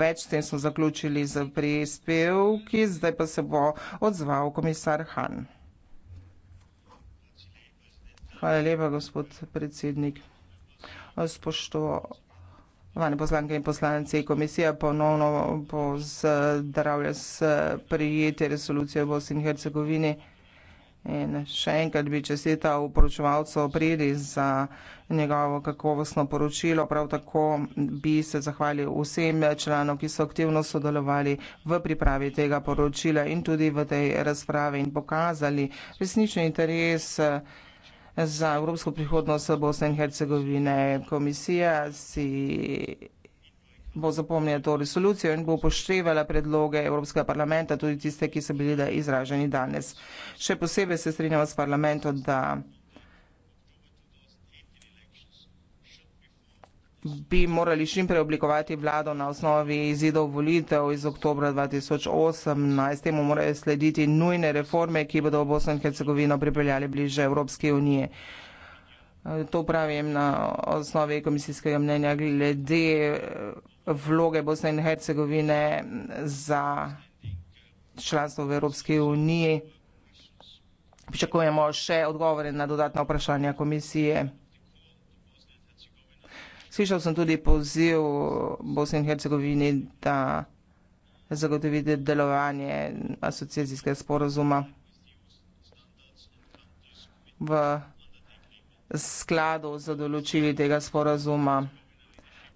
Več tem smo zaključili z prispevki, zdaj pa se bo odzval komisar Han. Hvala lepa, gospod predsednik. Spoštovane poslanke in poslanci, komisija ponovno pozdravlja s prijetje resolucije v Bosni in Hercegovini. In še enkrat bi čestital poročevalcu Predi za njegovo kakovostno poročilo. Prav tako bi se zahvalil vsem članom, ki so aktivno sodelovali v pripravi tega poročila in tudi v tej razpravi in pokazali resnični interes eh, za evropsko prihodnost Bosne in Hercegovine. Komisija si bo zapomnila to resolucijo in bo upoštevala predloge Evropskega parlamenta, tudi tiste, ki so bili izraženi danes. Še posebej se strinjamo s parlamentom, da bi morali šim preoblikovati vlado na osnovi izidov volitev iz oktobra 2018. Temu morajo slediti nujne reforme, ki bodo v Bosno in Hercegovino pripeljali bliže Evropske unije. Eh, to pravim na osnovi komisijskega mnenja glede eh, vloge Bosne in Hercegovine mm, za članstvo v Evropski uniji. Pričakujemo še odgovore na dodatna vprašanja komisije. Slišal sem tudi poziv Bosni in Hercegovini, da zagotovite delovanje asociacijskega sporozuma v Evropski uniji skladu z določili tega sporazuma.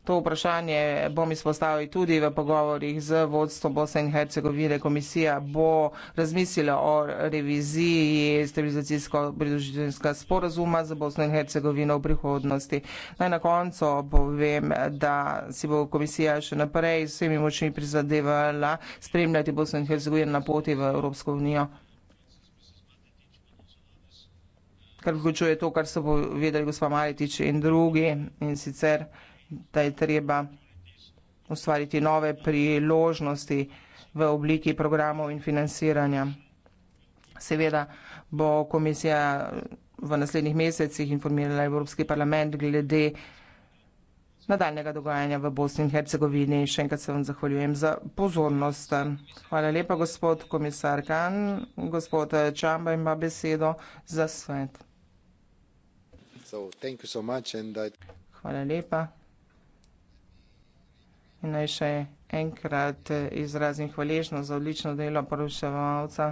To vprašanje bom izpostavil tudi v pogovorih z vodstvom Bosne in Hercegovine. Komisija bo razmislila o reviziji stabilizacijsko-pridružitvenega sporazuma z Bosno in Hercegovino v prihodnosti. Naj na koncu povem, da si bo komisija še naprej s vsemi močmi prizadevala spremljati Bosno in Hercegovino na poti v Evropsko unijo. kar vključuje to, kar so povedali gospa Maritič in drugi, in sicer, da je treba ustvariti nove priložnosti v obliki programov in financiranja. Seveda bo komisija v naslednjih mesecih informirala Evropski parlament glede nadaljnega dogajanja v Bosni in Hercegovini. Še enkrat se vam zahvaljujem za pozornost. Hvala lepa, gospod komisar Kan. Gospod Čamba ima besedo za svet. Hvala lepa. In naj še enkrat eh, izrazim hvaležnost za odlično delo poročevalca.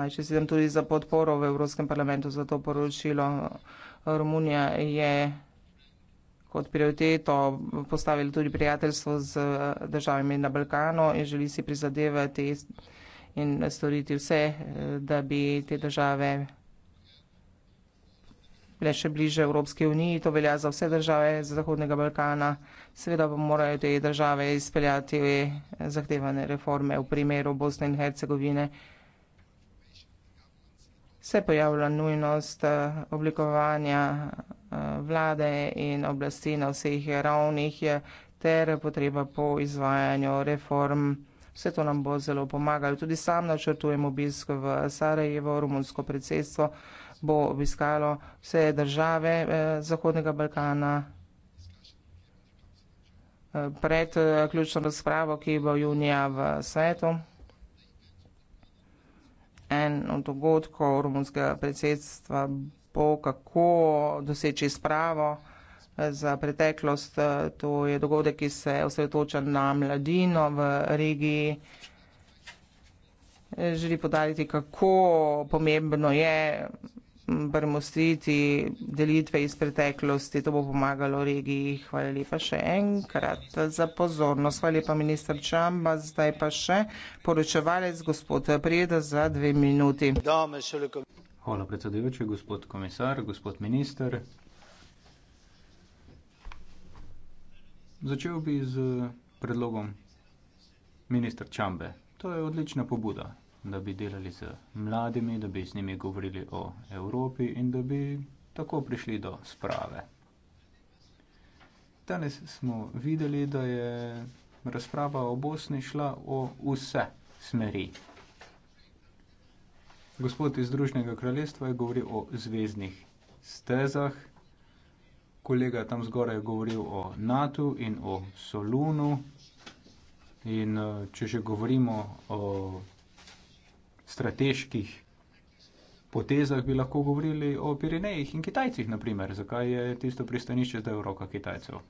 Naj še sedem tudi za podporo v Evropskem parlamentu za to poročilo. Romunija je kot prioriteto postavila tudi prijateljstvo z eh, državami na Balkanu in želi si prizadevati in storiti vse, eh, da bi te države bile še bliže Evropske unije. To velja za vse države Zahodnega Balkana. Seveda pa morajo te države izpeljati eh, zahtevane reforme v primeru Bosne in Hercegovine. Se pojavlja nujnost eh, oblikovanja vlade in oblasti na vseh ravnih ter potreba po izvajanju reform. Vse to nam bo zelo pomagalo. Tudi sam načrtujem obisk v Sarajevo, rumunsko predsedstvo bo obiskalo vse države eh, Zahodnega Balkana. Eh, pred eh, ključno razpravo, ki bo junija v svetu, en od dogodkov rumunskega predsedstva bo, kako doseči spravo za preteklost. Eh, to je dogodek, ki se osredotoča na mladino v regiji. Eh, želi podariti, kako pomembno je mm, premostiti delitve iz preteklosti. To bo pomagalo regiji. Hvala lepa še enkrat za pozornost. Hvala lepa, minister Čamba. Zdaj pa še poročevalec, gospod Prijeda, za dve minuti. Hvala predsedujoče, gospod komisar, gospod minister. Začel bi z predlogom ministr Čambe. To je odlična pobuda, da bi delali z mladimi, da bi z njimi govorili o Evropi in da bi tako prišli do sprave. Danes smo videli, da je razprava o Bosni šla o vse smeri. Gospod iz Združnega kraljestva je govoril o zvezdnih stezah kolega tam zgoraj je govoril o NATO in o Solunu. In eh, če že govorimo o strateških potezah, bi lahko govorili o Pirinejih in Kitajcih, naprimer. Zakaj je tisto pristanišče zdaj v rokah Kitajcev?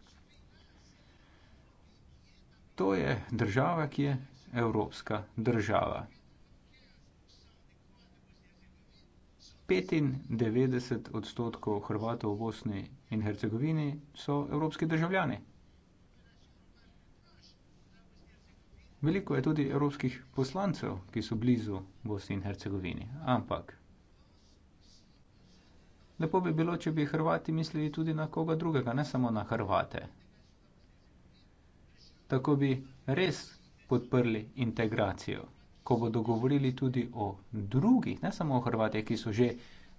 To je država, ki je evropska država. 95 odstotkov Hrvatov v Bosni in Hercegovini so evropski državljani. Veliko je tudi evropskih poslancev, ki so blizu Bosni in Hercegovini, ampak lepo bi bilo, če bi Hrvati mislili tudi na koga drugega, ne samo na Hrvate. Tako bi res podprli integracijo ko bodo govorili tudi o drugih, ne samo o Hrvatih, ki so že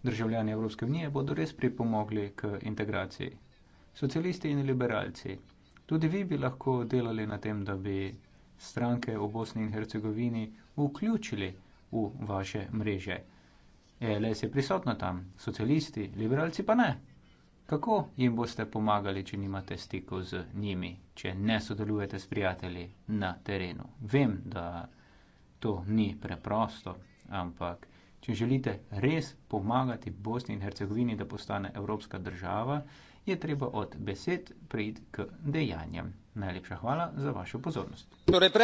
državljani Evropske unije, bodo res pripomogli k integraciji. Socialisti in liberalci, tudi vi bi lahko delali na tem, da bi stranke v Bosni in Hercegovini vključili v vaše mreže. ELS je prisotna tam, socialisti, liberalci pa ne. Kako jim boste pomagali, če nimate stikov z njimi, če ne sodelujete s prijatelji na terenu? Vem, da to ni preprosto, ampak če želite res pomagati Bosni in Hercegovini, da postane evropska država, je treba od besed preiti k dejanjem. Najlepša hvala za vašo pozornost. Torej,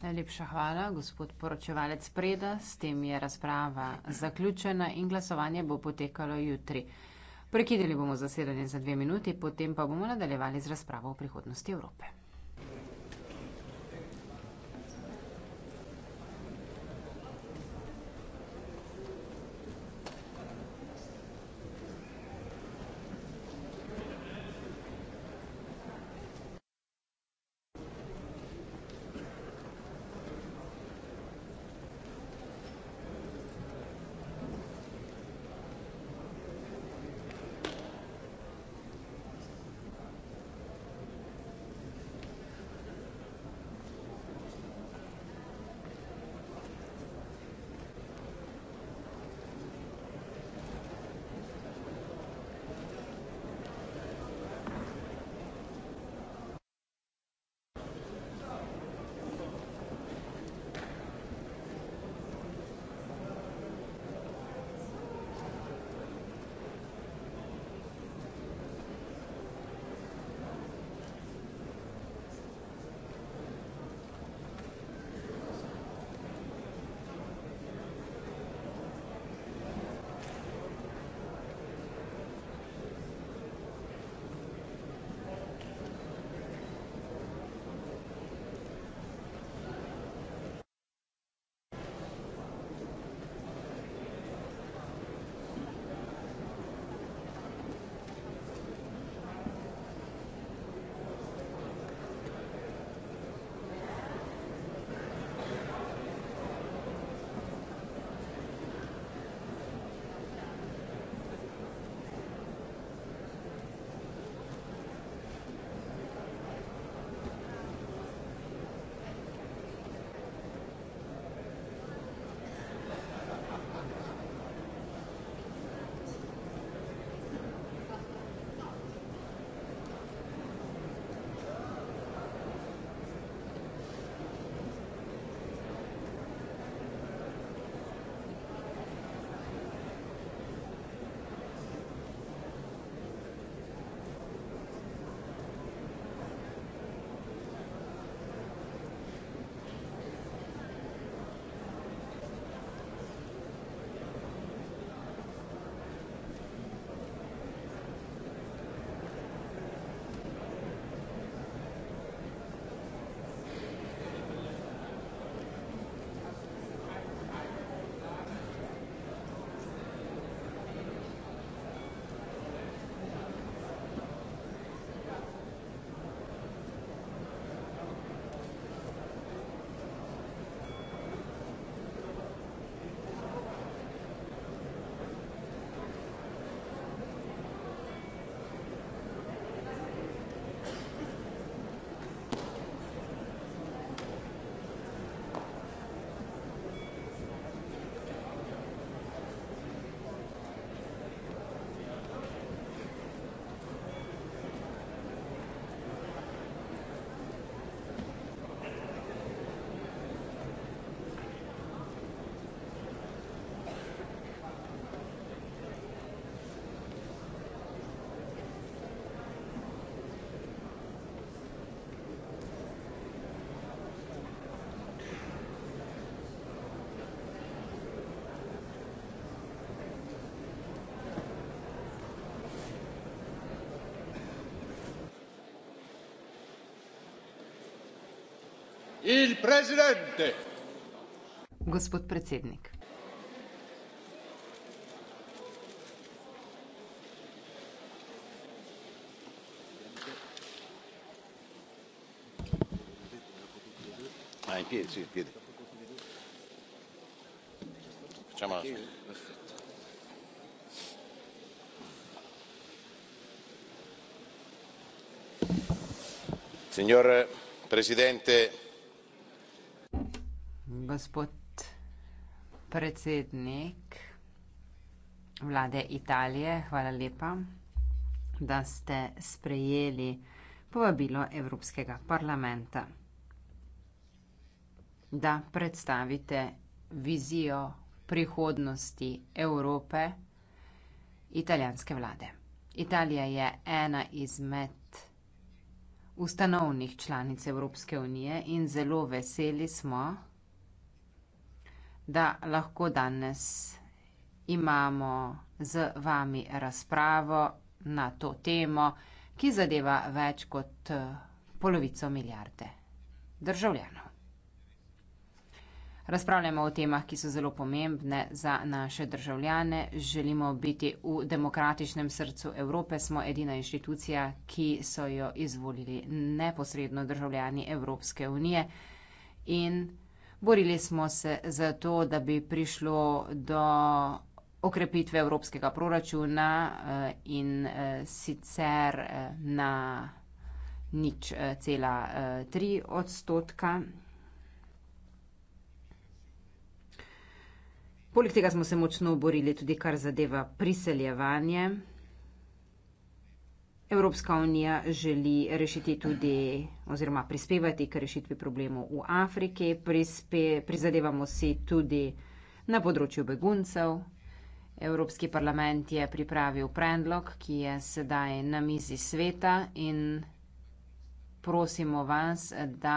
Najlepša hvala, gospod poročevalec Preda. S tem je razprava zaključena in glasovanje bo potekalo jutri. Prekidili bomo zasedanje za dve minuti, potem pa bomo nadaljevali z razpravo o prihodnosti Evrope. Il presidente. Gospod predsednik. signor presidente gospod predsednik vlade Italije, hvala lepa, da ste sprejeli povabilo Evropskega parlamenta, da predstavite vizijo prihodnosti Evrope italijanske vlade. Italija je ena izmed ustanovnih članic Evropske unije in zelo veseli smo, da lahko danes imamo z vami razpravo na to temo, ki zadeva več kot eh, polovico milijarde državljanov. Razpravljamo o temah, ki so zelo pomembne za naše državljane. Želimo biti v demokratičnem srcu Evrope. Smo edina inštitucija, ki so jo izvolili neposredno državljani Evropske unije. In Borili smo se za to, da bi prišlo do okrepitve evropskega proračuna eh, in eh, sicer eh, na nič cela tri odstotka. Poleg tega smo se močno borili tudi kar zadeva priseljevanje. Evropska unija želi rešiti tudi oziroma prispevati k rešitvi problemov v Afriki, prispe, prizadevamo si tudi na področju beguncev. Evropski parlament je pripravil predlog, ki je sedaj na mizi sveta in prosimo vas, da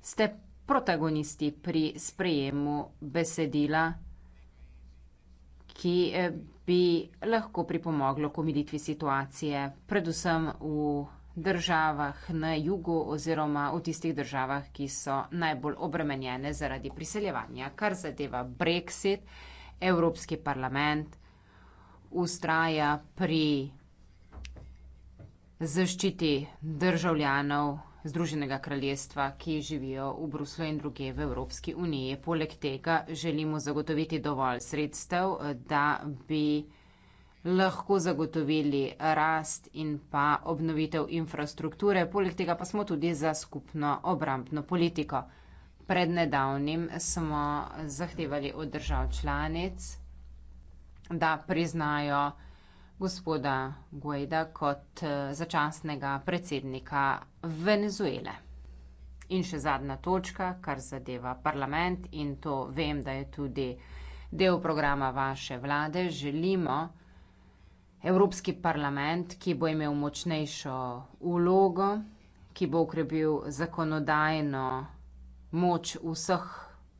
ste protagonisti pri sprejemu besedila ki eh, bi lahko pripomoglo k omilitvi situacije, predvsem v državah na jugu oziroma v tistih državah, ki so najbolj obremenjene zaradi priseljevanja. Kar zadeva Brexit, Evropski parlament ustraja pri zaščiti državljanov Združenega kraljestva, ki živijo v Bruslu in druge v Evropski uniji. Poleg tega želimo zagotoviti dovolj sredstev, da bi lahko zagotovili rast in pa obnovitev infrastrukture, poleg tega pa smo tudi za skupno obrambno politiko. Pred nedavnim smo zahtevali od držav članic, da priznajo gospoda Guaida kot eh, začasnega predsednika Venezuele. In še zadnja točka, kar zadeva parlament, in to vem, da je tudi del programa vaše vlade, želimo Evropski parlament, ki bo imel močnejšo ulogo, ki bo ukrepil zakonodajno moč vseh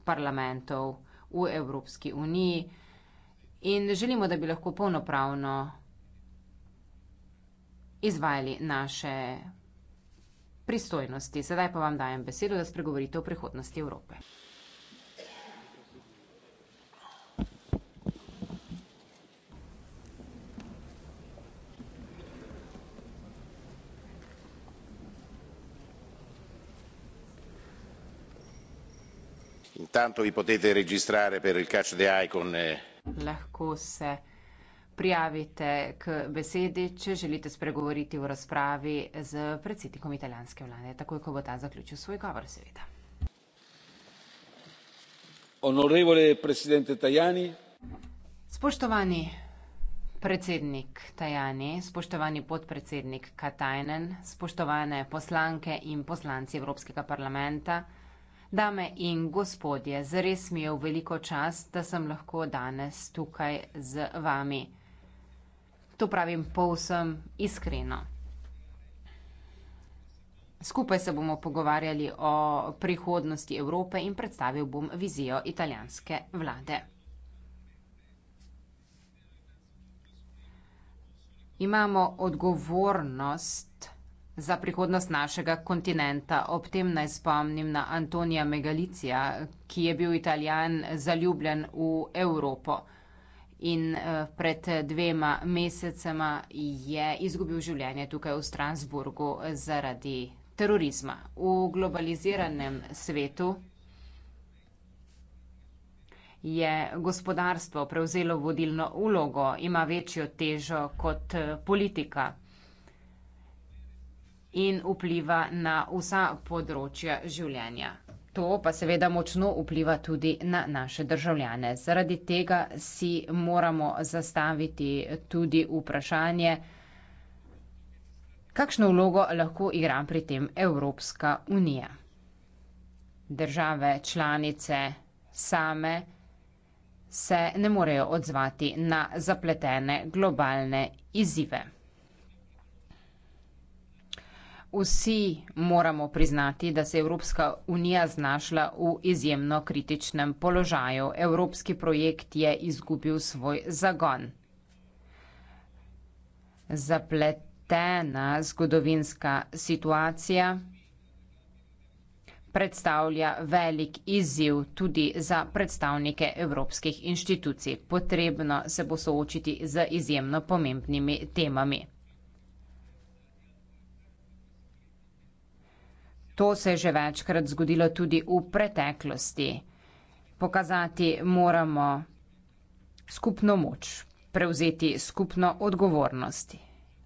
parlamentov v Evropski uniji. In želimo, da bi lahko polnopravno izvajali naše pristojnosti. Sedaj pa vam dajem besedo, da spregovorite o prihodnosti Evrope. Eh, Lahko se prijavite k besedi, če želite spregovoriti v razpravi z predsednikom italijanske vlade, takoj ko bo ta zaključil svoj govor, seveda. Spoštovani predsednik Tajani, spoštovani podpredsednik Katajnen, spoštovane poslanke in poslanci Evropskega parlamenta, dame in gospodje, zares mi je v veliko čast, da sem lahko danes tukaj z vami. To pravim povsem iskreno. Skupaj se bomo pogovarjali o prihodnosti Evrope in predstavil bom vizijo italijanske vlade. Imamo odgovornost za prihodnost našega kontinenta. Ob tem naj spomnim na Antonija Megalicija, ki je bil Italijan zaljubljen v Evropo in uh, pred dvema mesecema je izgubil življenje tukaj v Strasburgu zaradi terorizma. V globaliziranem svetu je gospodarstvo prevzelo vodilno ulogo, ima večjo težo kot eh, politika in vpliva na vsa področja življenja. To pa seveda močno vpliva tudi na naše državljane. Zaradi tega si moramo zastaviti tudi vprašanje, kakšno vlogo lahko igra pri tem Evropska unija. Države članice same se ne morejo odzvati na zapletene globalne izzive. Vsi moramo priznati, da se je Evropska unija znašla v izjemno kritičnem položaju. Evropski projekt je izgubil svoj zagon. Zapletena zgodovinska situacija predstavlja velik izziv tudi za predstavnike evropskih inštitucij. Potrebno se bo soočiti z izjemno pomembnimi temami. To se je že večkrat zgodilo tudi v preteklosti. Pokazati moramo skupno moč, prevzeti skupno odgovornost.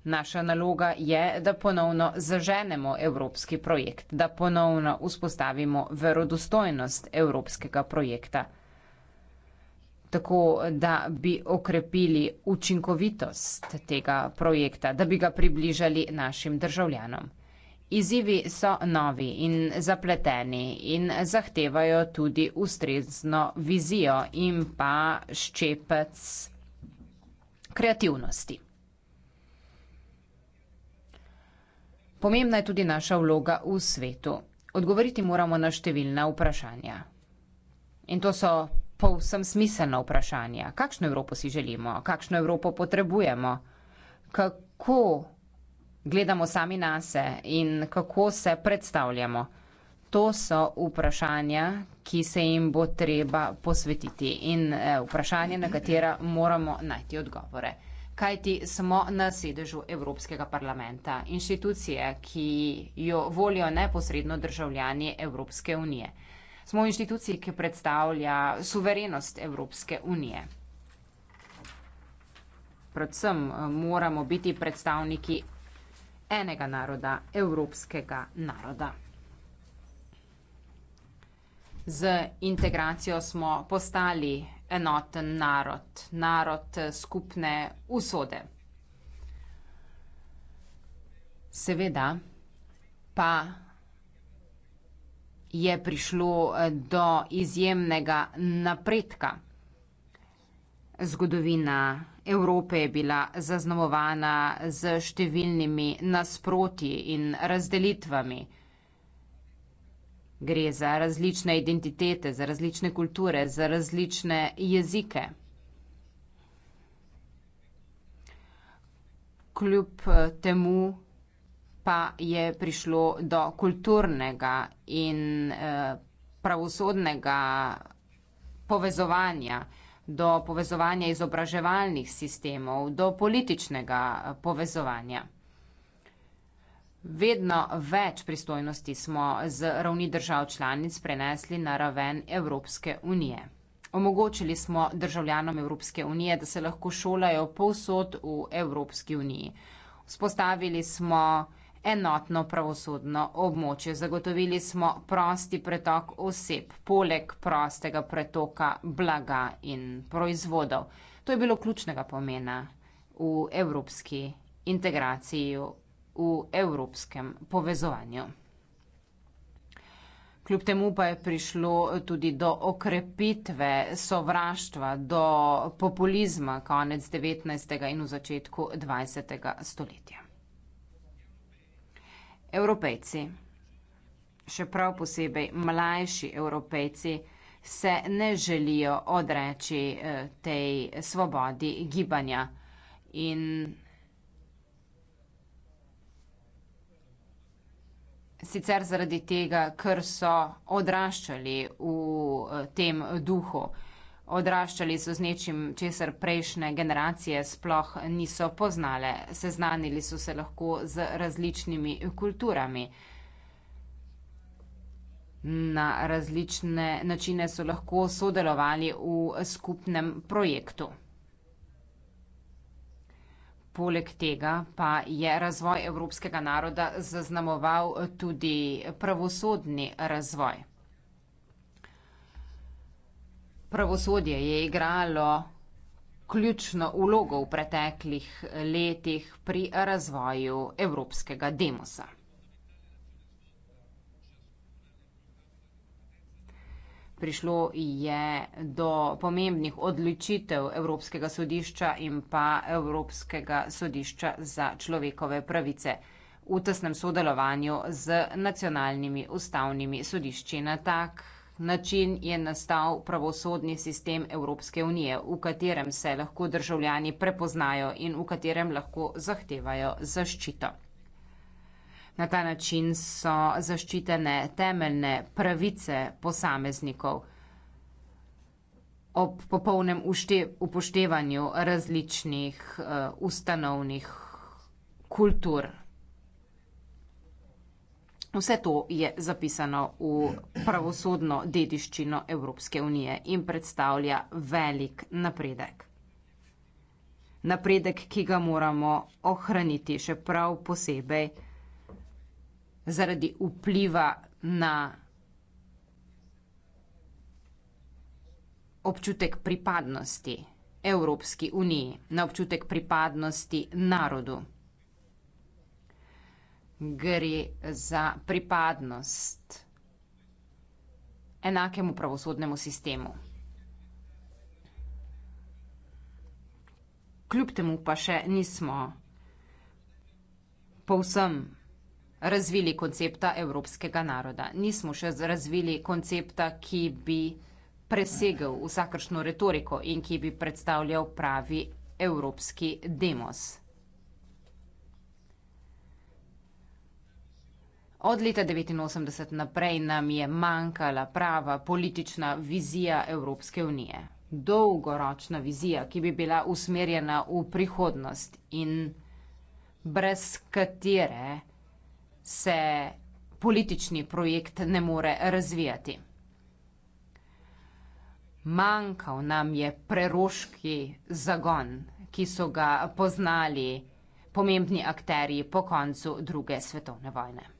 Naša naloga je, da ponovno zaženemo evropski projekt, da ponovno vzpostavimo verodostojnost evropskega projekta, tako da bi okrepili učinkovitost tega projekta, da bi ga približali našim državljanom. Izzivi so novi in zapleteni in zahtevajo tudi ustrezno vizijo in pa ščepec kreativnosti. Pomembna je tudi naša vloga v svetu. Odgovoriti moramo na številna vprašanja. In to so povsem smiselna vprašanja. Kakšno Evropo si želimo? Kakšno Evropo potrebujemo? Kako gledamo sami na se in kako se predstavljamo? To so vprašanja, ki se jim bo treba posvetiti in eh, vprašanje, na katera moramo najti odgovore. Kaj ti smo na sedežu Evropskega parlamenta, inštitucije, ki jo volijo neposredno državljani Evropske unije? Smo v inštituciji, ki predstavlja suverenost Evropske unije. Predvsem eh, moramo biti predstavniki enega naroda, evropskega naroda. Z integracijo smo postali enoten narod, narod skupne usode. Seveda pa je prišlo do izjemnega napredka. Zgodovina Evrope je bila zaznamovana z številnimi nasproti in razdelitvami. Gre za različne identitete, za različne kulture, za različne jezike. Kljub temu pa je prišlo do kulturnega in eh, pravosodnega povezovanja do povezovanja izobraževalnih sistemov, do političnega eh, povezovanja. Vedno več pristojnosti smo z ravni držav članic prenesli na raven Evropske unije. Omogočili smo državljanom Evropske unije, da se lahko šolajo povsod v Evropski uniji. Spostavili smo enotno pravosodno območje. Zagotovili smo prosti pretok oseb, poleg prostega pretoka blaga in proizvodov. To je bilo ključnega pomena v evropski integraciji, v evropskem povezovanju. Kljub temu pa je prišlo tudi do okrepitve sovraštva, do populizma konec 19. in v začetku 20. stoletja. Evropejci, še prav posebej mlajši evropejci, se ne želijo odreči eh, tej svobodi gibanja in sicer zaradi tega, ker so odraščali v eh, tem duhu odraščali so z nečim, česar prejšnje generacije sploh niso poznale. Seznanili so se lahko z različnimi kulturami. Na različne načine so lahko sodelovali v skupnem projektu. Poleg tega pa je razvoj evropskega naroda zaznamoval tudi pravosodni razvoj pravosodje je igralo ključno vlogo v preteklih letih pri razvoju evropskega demosa. Prišlo je do pomembnih odločitev Evropskega sodišča in pa Evropskega sodišča za človekove pravice v tesnem sodelovanju z nacionalnimi ustavnimi sodišči na tak način je nastal pravosodni sistem Evropske unije, v katerem se lahko državljani prepoznajo in v katerem lahko zahtevajo zaščito. Na ta način so zaščitene temeljne pravice posameznikov. Ob popolnem upoštevanju različnih uh, ustanovnih kultur. Vse to je zapisano v pravosodno dediščino Evropske unije in predstavlja velik napredek. Napredek, ki ga moramo ohraniti še prav posebej zaradi vpliva na občutek pripadnosti Evropski uniji, na občutek pripadnosti narodu gre za pripadnost enakemu pravosodnemu sistemu. Kljub temu pa še nismo povsem razvili koncepta evropskega naroda. Nismo še razvili koncepta, ki bi presegel vsakršno retoriko in ki bi predstavljal pravi evropski demos. Od leta 1989 naprej nam je manjkala prava politična vizija Evropske unije. Dolgoročna vizija, ki bi bila usmerjena v prihodnost in brez katere se politični projekt ne more razvijati. Manjkal nam je preroški zagon, ki so ga poznali pomembni akteri po koncu druge svetovne vojne.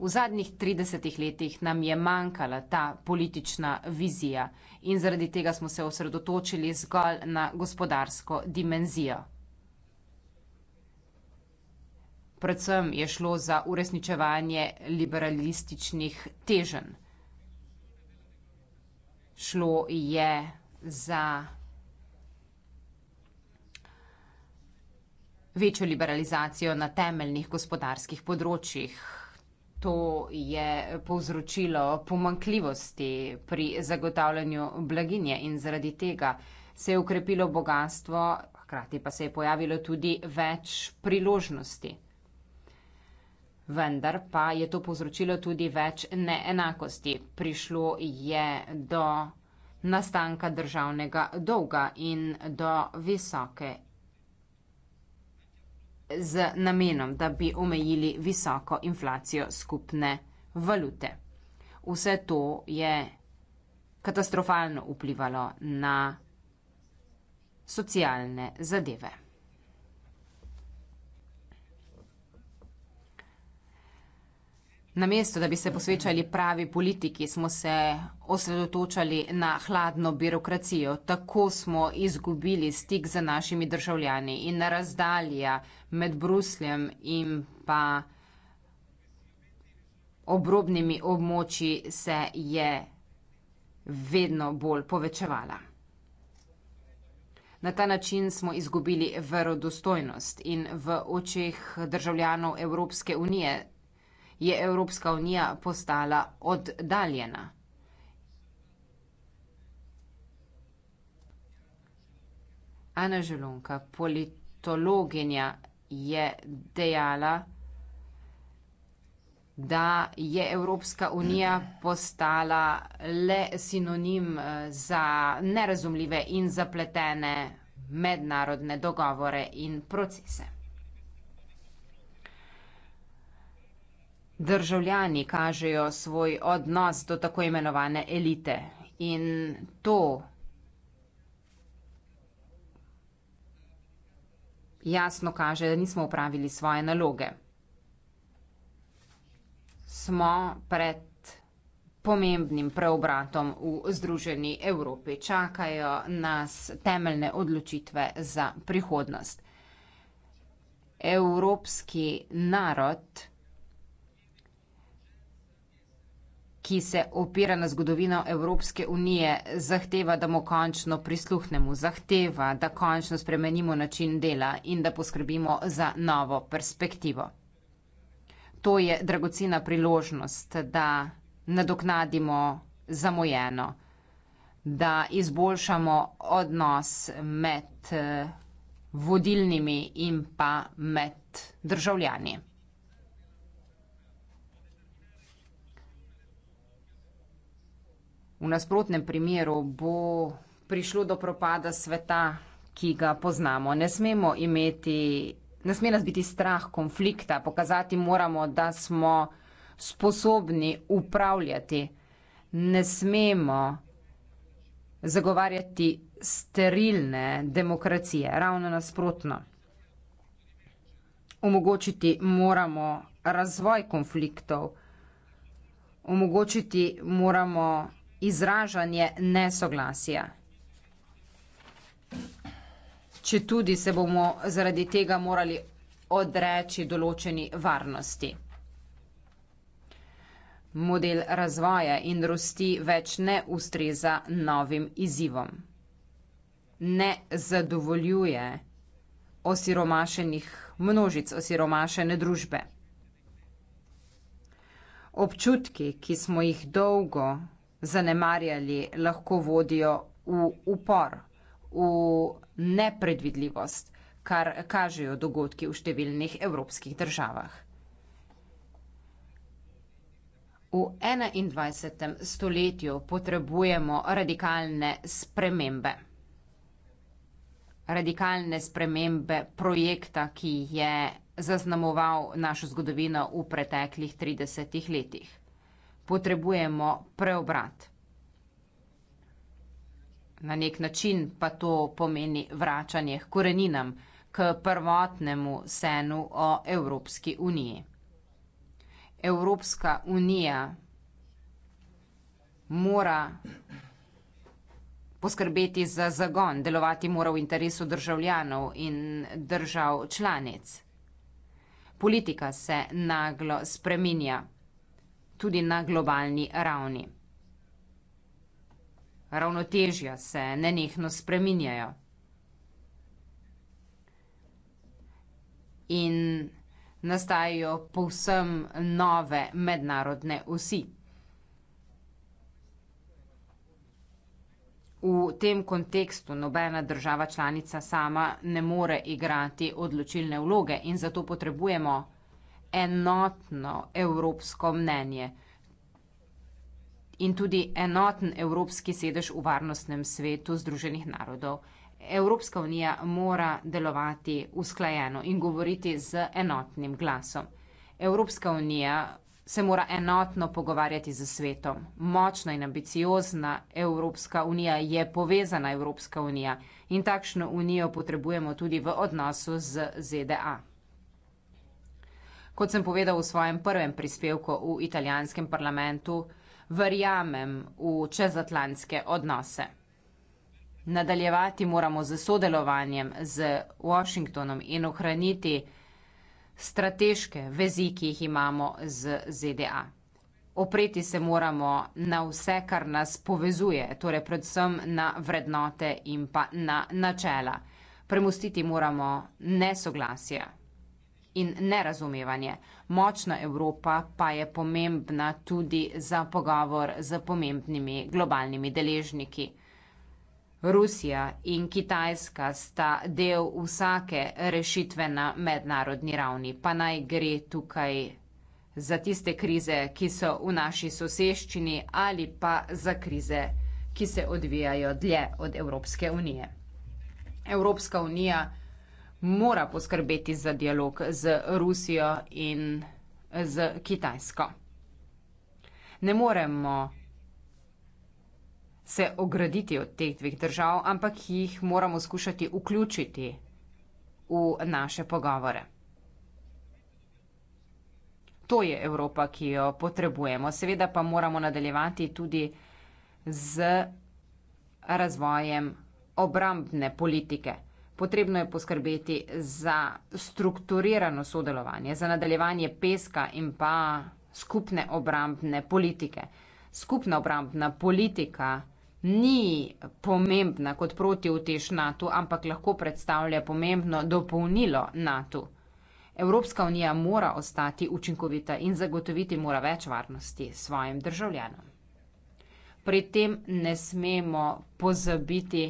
V zadnjih 30 letih nam je manjkala ta politična vizija in zaradi tega smo se osredotočili zgolj na gospodarsko dimenzijo. Predvsem je šlo za uresničevanje liberalističnih težen. Šlo je za večjo liberalizacijo na temeljnih gospodarskih področjih to je povzročilo pomankljivosti pri zagotavljanju blaginje in zaradi tega se je ukrepilo bogatstvo, hkrati pa se je pojavilo tudi več priložnosti. Vendar pa je to povzročilo tudi več neenakosti. Prišlo je do nastanka državnega dolga in do visoke z namenom, da bi omejili visoko inflacijo skupne valute. Vse to je katastrofalno vplivalo na socialne zadeve. Namesto, da bi se posvečali pravi politiki, smo se osredotočali na hladno birokracijo. Tako smo izgubili stik z našimi državljani in razdalja med Brusljem in pa obrobnimi območji se je vedno bolj povečevala. Na ta način smo izgubili verodostojnost in v očeh državljanov Evropske unije je Evropska unija postala oddaljena. Ana Želunka, politologinja, je dejala, da je Evropska unija postala le sinonim eh, za nerazumljive in zapletene mednarodne dogovore in procese. državljani kažejo svoj odnos do tako imenovane elite. In to jasno kaže, da nismo upravili svoje naloge. Smo pred pomembnim preobratom v Združeni Evropi. Čakajo nas temeljne odločitve za prihodnost. Evropski narod. ki se opira na zgodovino Evropske unije, zahteva, da mu končno prisluhnemo, zahteva, da končno spremenimo način dela in da poskrbimo za novo perspektivo. To je dragocena priložnost, da nadoknadimo zamojeno, da izboljšamo odnos med eh, vodilnimi in pa med državljani. V nasprotnem primeru bo prišlo do propada sveta, ki ga poznamo. Ne smemo imeti, ne sme nas biti strah konflikta, pokazati moramo, da smo sposobni upravljati. Ne smemo zagovarjati sterilne demokracije, ravno nasprotno. Omogočiti moramo razvoj konfliktov, omogočiti moramo izražanje nesoglasja. Če tudi se bomo zaradi tega morali odreči določeni varnosti. Model razvoja in rosti več ne ustreza novim izzivom. Ne zadovoljuje osiromašenih množic, osiromašene družbe. Občutki, ki smo jih dolgo zanemarjali, lahko vodijo v upor, v nepredvidljivost, kar kažejo dogodki v številnih evropskih državah. V 21. stoletju potrebujemo radikalne spremembe. Radikalne spremembe projekta, ki je zaznamoval našo zgodovino v preteklih 30 letih potrebujemo preobrat. Na nek način pa to pomeni vračanje k koreninam, k prvotnemu senu o Evropski uniji. Evropska unija mora poskrbeti za zagon, delovati mora v interesu državljanov in držav članic. Politika se naglo spreminja tudi na globalni ravni. Ravnotežja se nenehno spreminjajo. In nastajajo povsem nove mednarodne osi. V tem kontekstu nobena država članica sama ne more igrati odločilne vloge in zato potrebujemo enotno evropsko mnenje in tudi enoten evropski sedež v varnostnem svetu Združenih narodov. Evropska unija mora delovati usklajeno in govoriti z enotnim glasom. Evropska unija se mora enotno pogovarjati z svetom. Močna in ambiciozna Evropska unija je povezana Evropska unija in takšno unijo potrebujemo tudi v odnosu z ZDA kot sem povedal v svojem prvem prispevku v italijanskem parlamentu, verjamem v čezatlantske odnose. Nadaljevati moramo z sodelovanjem z Washingtonom in ohraniti strateške vezi, ki jih imamo z ZDA. Opreti se moramo na vse, kar nas povezuje, torej predvsem na vrednote in pa na načela. Premustiti moramo nesoglasje in nerazumevanje. Močna Evropa pa je pomembna tudi za pogovor z pomembnimi globalnimi deležniki. Rusija in Kitajska sta del vsake rešitve na mednarodni ravni, pa naj gre tukaj za tiste krize, ki so v naši soseščini ali pa za krize, ki se odvijajo dlje od Evropske unije. Evropska unija mora poskrbeti za dialog z Rusijo in z Kitajsko. Ne moremo se ograditi od teh dveh držav, ampak jih moramo skušati vključiti v naše pogovore. To je Evropa, ki jo potrebujemo. Seveda pa moramo nadaljevati tudi z razvojem obrambne politike. Potrebno je poskrbeti za strukturirano sodelovanje, za nadaljevanje peska in pa skupne obrambne politike. Skupna obrambna politika ni pomembna kot protivtež NATO, ampak lahko predstavlja pomembno dopolnilo NATO. Evropska unija mora ostati učinkovita in zagotoviti mora več varnosti svojim državljanom. Pri tem ne smemo pozabiti,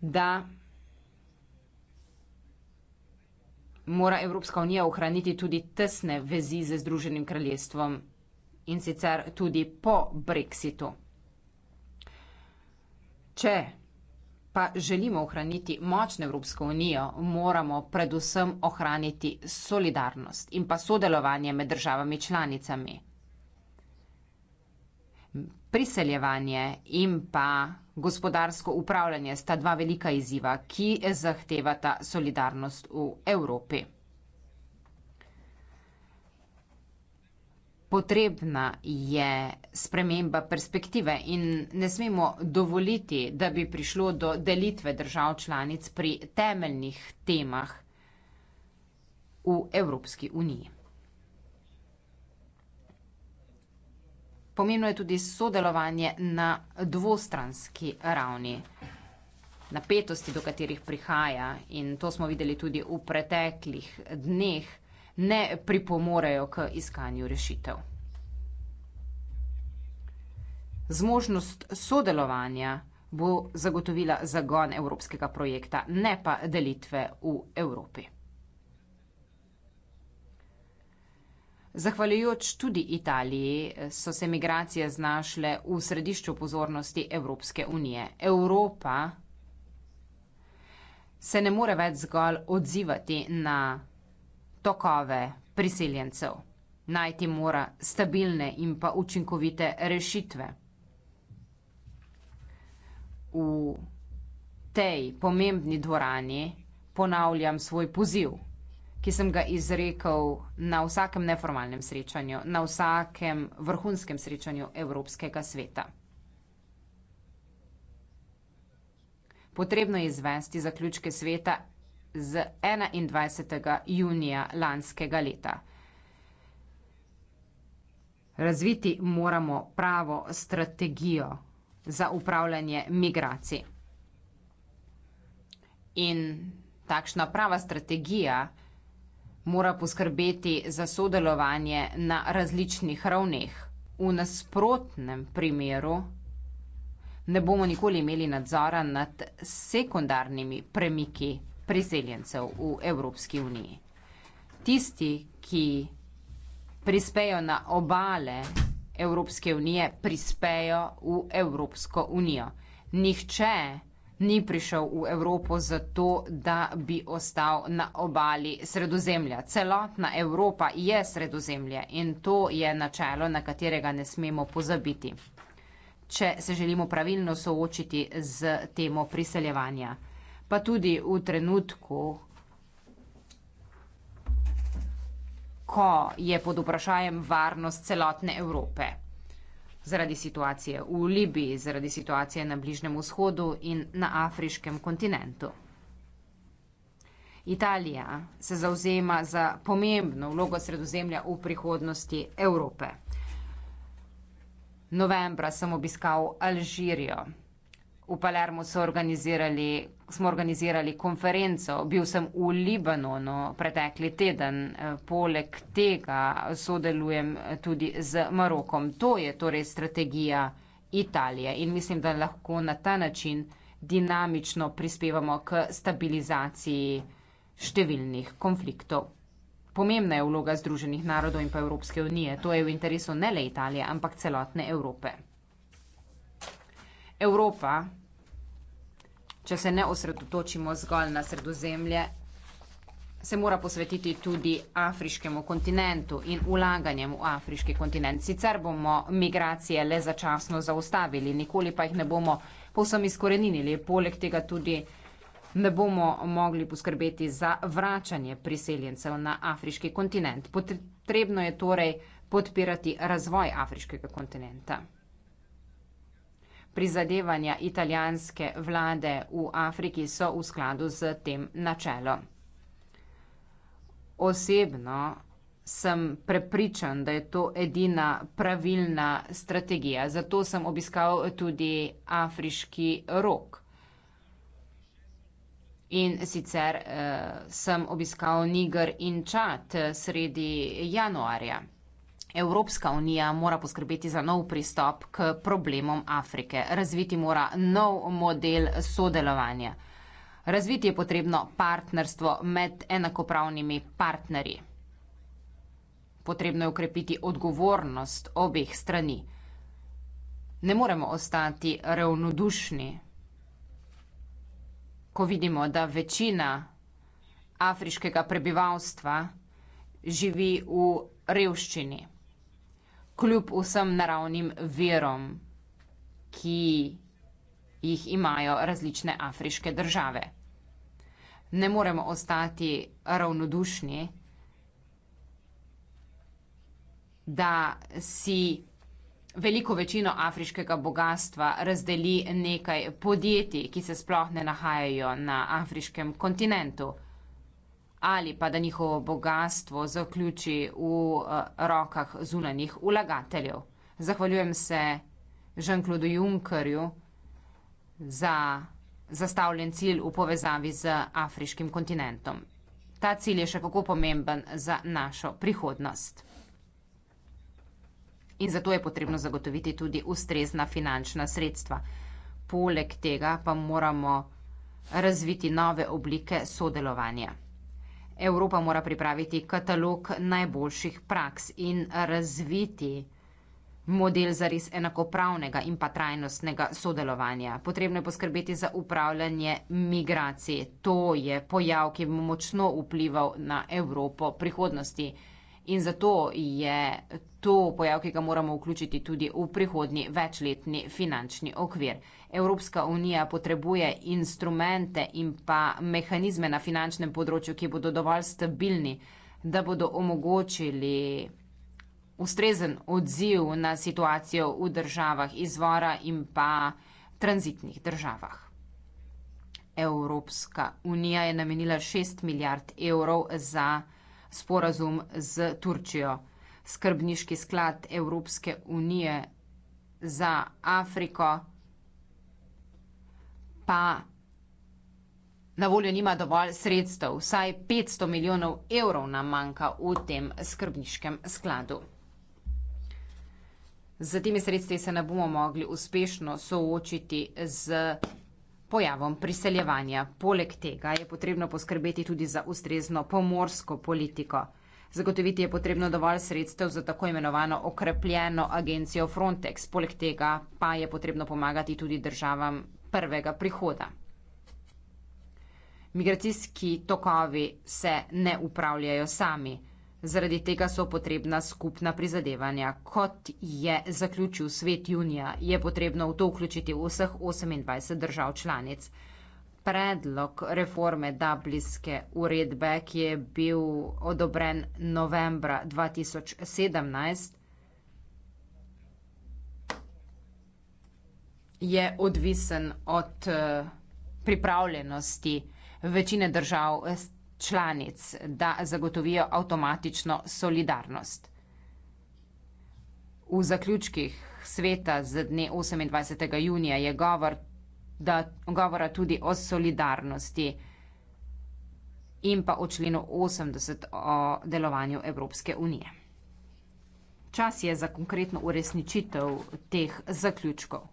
da mora Evropska unija ohraniti tudi tesne vezi z Združenim kraljestvom in sicer tudi po brexitu. Če pa želimo ohraniti močno Evropsko unijo, moramo predvsem ohraniti solidarnost in pa sodelovanje med državami članicami. Priseljevanje in pa gospodarsko upravljanje sta dva velika izziva, ki zahtevata solidarnost v Evropi. Potrebna je sprememba perspektive in ne smemo dovoliti, da bi prišlo do delitve držav članic pri temeljnih temah v Evropski uniji. pomembno je tudi sodelovanje na dvostranski ravni. Napetosti, do katerih prihaja, in to smo videli tudi v preteklih dneh, ne pripomorejo k iskanju rešitev. Zmožnost sodelovanja bo zagotovila zagon evropskega projekta, ne pa delitve v Evropi. Zahvaljujoč tudi Italiji so se migracije znašle v središču pozornosti Evropske unije. Evropa se ne more več zgolj odzivati na tokove priseljencev. Najti mora stabilne in pa učinkovite rešitve. V tej pomembni dvorani ponavljam svoj poziv ki sem ga izrekel na vsakem neformalnem srečanju, na vsakem vrhunskem srečanju Evropskega sveta. Potrebno je izvesti zaključke sveta z 21. junija lanskega leta. Razviti moramo pravo strategijo za upravljanje migracij. In takšna prava strategija, mora poskrbeti za sodelovanje na različnih ravneh. V nasprotnem primeru ne bomo nikoli imeli nadzora nad sekundarnimi premiki priseljencev v Evropski uniji. Tisti, ki prispejo na obale Evropske unije, prispejo v Evropsko unijo. Nihče ni prišel v Evropo zato, da bi ostal na obali sredozemlja. Celotna Evropa je sredozemlje in to je načelo, na katerega ne smemo pozabiti, če se želimo pravilno soočiti z temo priseljevanja. Pa tudi v trenutku, ko je pod vprašanjem varnost celotne Evrope zaradi situacije v Libiji, zaradi situacije na Bližnjem vzhodu in na afriškem kontinentu. Italija se zauzema za pomembno vlogo sredozemlja v prihodnosti Evrope. Novembra sem obiskal Alžirijo. V Palermu organizirali, smo organizirali konferenco, bil sem v Libanonu pretekli teden, poleg tega sodelujem tudi z Marokom. To je torej strategija Italije in mislim, da lahko na ta način dinamično prispevamo k stabilizaciji številnih konfliktov. Pomembna je vloga Združenih narodov in pa Evropske unije. To je v interesu ne le Italije, ampak celotne Evrope. Evropa, če se ne osredotočimo zgolj na sredozemlje, se mora posvetiti tudi afriškemu kontinentu in ulaganjem v afriški kontinent. Sicer bomo migracije le začasno zaustavili, nikoli pa jih ne bomo povsem izkoreninili. Poleg tega tudi ne bomo mogli poskrbeti za vračanje priseljencev na afriški kontinent. Potrebno je torej podpirati razvoj afriškega kontinenta. Prizadevanja italijanske vlade v Afriki so v skladu z tem načelom. Osebno sem prepričan, da je to edina pravilna strategija. Zato sem obiskal tudi afriški rok. In sicer eh, sem obiskal Niger in Čad eh, sredi januarja. Evropska unija mora poskrbeti za nov pristop k problemom Afrike. Razviti mora nov model sodelovanja. Razviti je potrebno partnerstvo med enakopravnimi partnerji. Potrebno je ukrepiti odgovornost obeh strani. Ne moremo ostati ravnodušni, ko vidimo, da večina afriškega prebivalstva živi v revščini kljub vsem naravnim verom, ki jih imajo različne afriške države. Ne moremo ostati ravnodušni, da si veliko večino afriškega bogatstva razdeli nekaj podjetij, ki se sploh ne nahajajo na afriškem kontinentu ali pa da njihovo bogatstvo zaključi v eh, rokah zunanjih ulagateljev. Zahvaljujem se Žan-Klodu Junkerju za zastavljen cilj v povezavi z afriškim kontinentom. Ta cilj je še kako pomemben za našo prihodnost. In zato je potrebno zagotoviti tudi ustrezna finančna sredstva. Poleg tega pa moramo razviti nove oblike sodelovanja. Evropa mora pripraviti katalog najboljših praks in razviti model za res enakopravnega in pa trajnostnega sodelovanja. Potrebno je poskrbeti za upravljanje migracij. To je pojav, ki bo močno vplival na Evropo prihodnosti in zato je to pojav, ki ga moramo vključiti tudi v prihodni večletni finančni okvir. Evropska unija potrebuje instrumente in pa mehanizme na finančnem področju, ki bodo dovolj stabilni, da bodo omogočili ustrezen odziv na situacijo v državah izvora in pa tranzitnih državah. Evropska unija je namenila šest milijard evrov za sporazum z Turčijo. Skrbniški sklad Evropske unije za Afriko pa na voljo nima dovolj sredstev. Vsaj 500 milijonov evrov nam manjka v tem skrbniškem skladu. Z temi sredstvi se ne bomo mogli uspešno soočiti z pojavom priseljevanja. Poleg tega je potrebno poskrbeti tudi za ustrezno pomorsko politiko. Zagotoviti je potrebno dovolj sredstev za tako imenovano okrepljeno agencijo Frontex, poleg tega pa je potrebno pomagati tudi državam prvega prihoda. Migracijski tokovi se ne upravljajo sami. Zaradi tega so potrebna skupna prizadevanja. Kot je zaključil svet junija, je potrebno v to vključiti vseh 28 držav članic. Predlog reforme Dublinske uredbe, ki je bil odobren novembra 2017, je odvisen od pripravljenosti večine držav članic, da zagotovijo avtomatično solidarnost. V zaključkih sveta z dne 28. junija je govor, da, govora tudi o solidarnosti in pa o členu 80 o delovanju Evropske unije. Čas je za konkretno uresničitev teh zaključkov.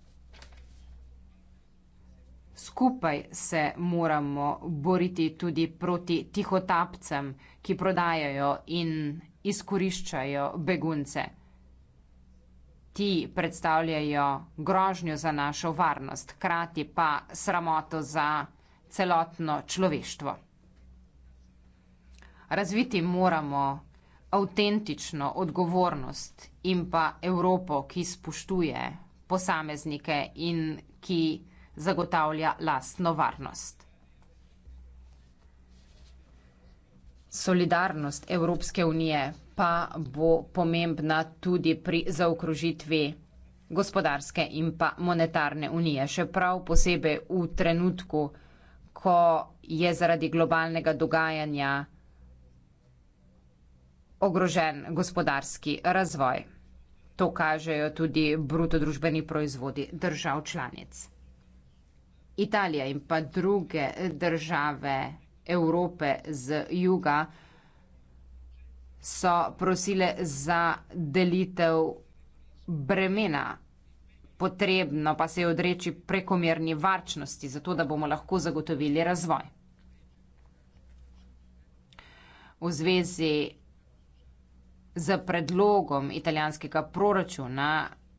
Skupaj se moramo boriti tudi proti tihotapcem, ki prodajajo in izkoriščajo begunce. Ti predstavljajo grožnjo za našo varnost, hkrati pa sramoto za celotno človeštvo. Razviti moramo avtentično odgovornost in pa Evropo, ki spoštuje posameznike in ki zagotavlja lastno varnost. Solidarnost Evropske unije pa bo pomembna tudi pri zaokrožitvi gospodarske in pa monetarne unije, še prav posebej v trenutku, ko je zaradi globalnega dogajanja ogrožen gospodarski razvoj. To kažejo tudi brutodružbeni proizvodi držav članic. Italija in pa druge države Evrope z juga so prosile za delitev bremena. Potrebno pa se je odreči prekomerni varčnosti, zato da bomo lahko zagotovili razvoj. V zvezi z predlogom italijanskega proračuna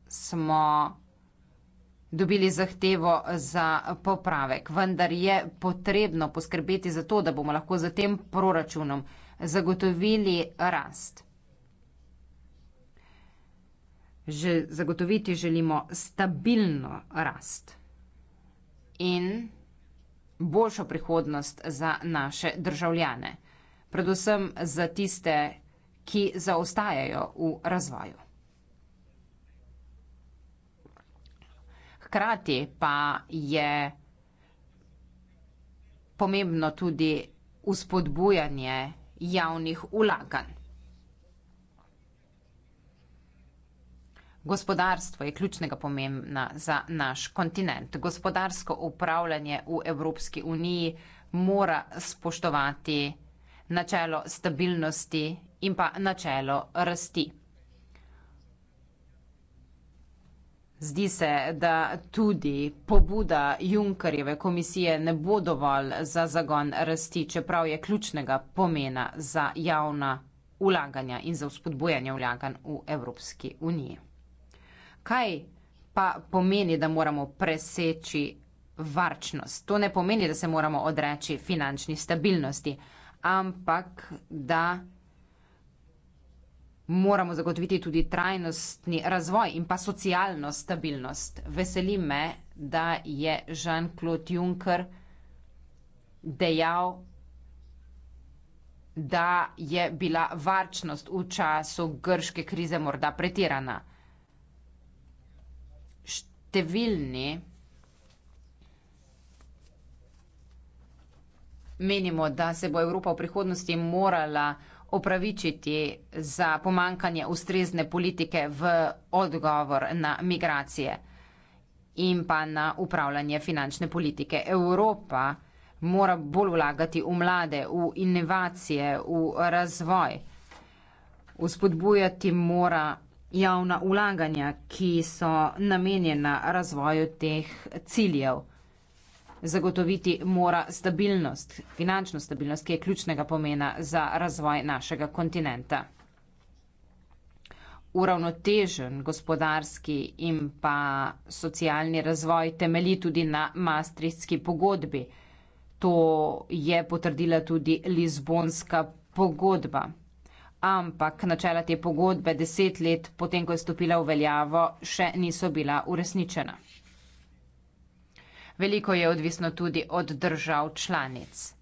smo dobili zahtevo za popravek, vendar je potrebno poskrbeti za to, da bomo lahko za tem proračunom zagotovili rast. Že zagotoviti želimo stabilno rast in boljšo prihodnost za naše državljane, predvsem za tiste, ki zaostajajo v razvoju. Hkrati pa je pomembno tudi uspodbujanje javnih ulaganj. Gospodarstvo je ključnega pomembna za naš kontinent. Gospodarsko upravljanje v Evropski uniji mora spoštovati načelo stabilnosti in pa načelo rasti. Zdi se, da tudi pobuda Junkerjeve komisije ne bo dovolj za zagon rasti, čeprav je ključnega pomena za javna ulaganja in za vzpodbujanje ulaganj v Evropski uniji. Kaj pa pomeni, da moramo preseči varčnost? To ne pomeni, da se moramo odreči finančni stabilnosti, ampak da moramo zagotoviti tudi trajnostni razvoj in pa socialno stabilnost. Veseli me, da je Jean-Claude Juncker dejal, da je bila varčnost v času grške krize morda pretirana. Številni menimo, da se bo Evropa v prihodnosti morala opravičiti za pomankanje ustrezne politike v odgovor na migracije in pa na upravljanje finančne politike. Evropa mora bolj vlagati v mlade, v inovacije, v razvoj. Vzpodbujati mora javna ulaganja, ki so namenjena razvoju teh ciljev. Zagotoviti mora stabilnost, finančno stabilnost, ki je ključnega pomena za razvoj našega kontinenta. Uravnotežen gospodarski in pa socialni razvoj temelji tudi na Maastrichtski pogodbi. To je potrdila tudi Lizbonska pogodba. Ampak načela te pogodbe deset let potem, ko je stopila v veljavo, še niso bila uresničena. Veliko je odvisno tudi od držav članic.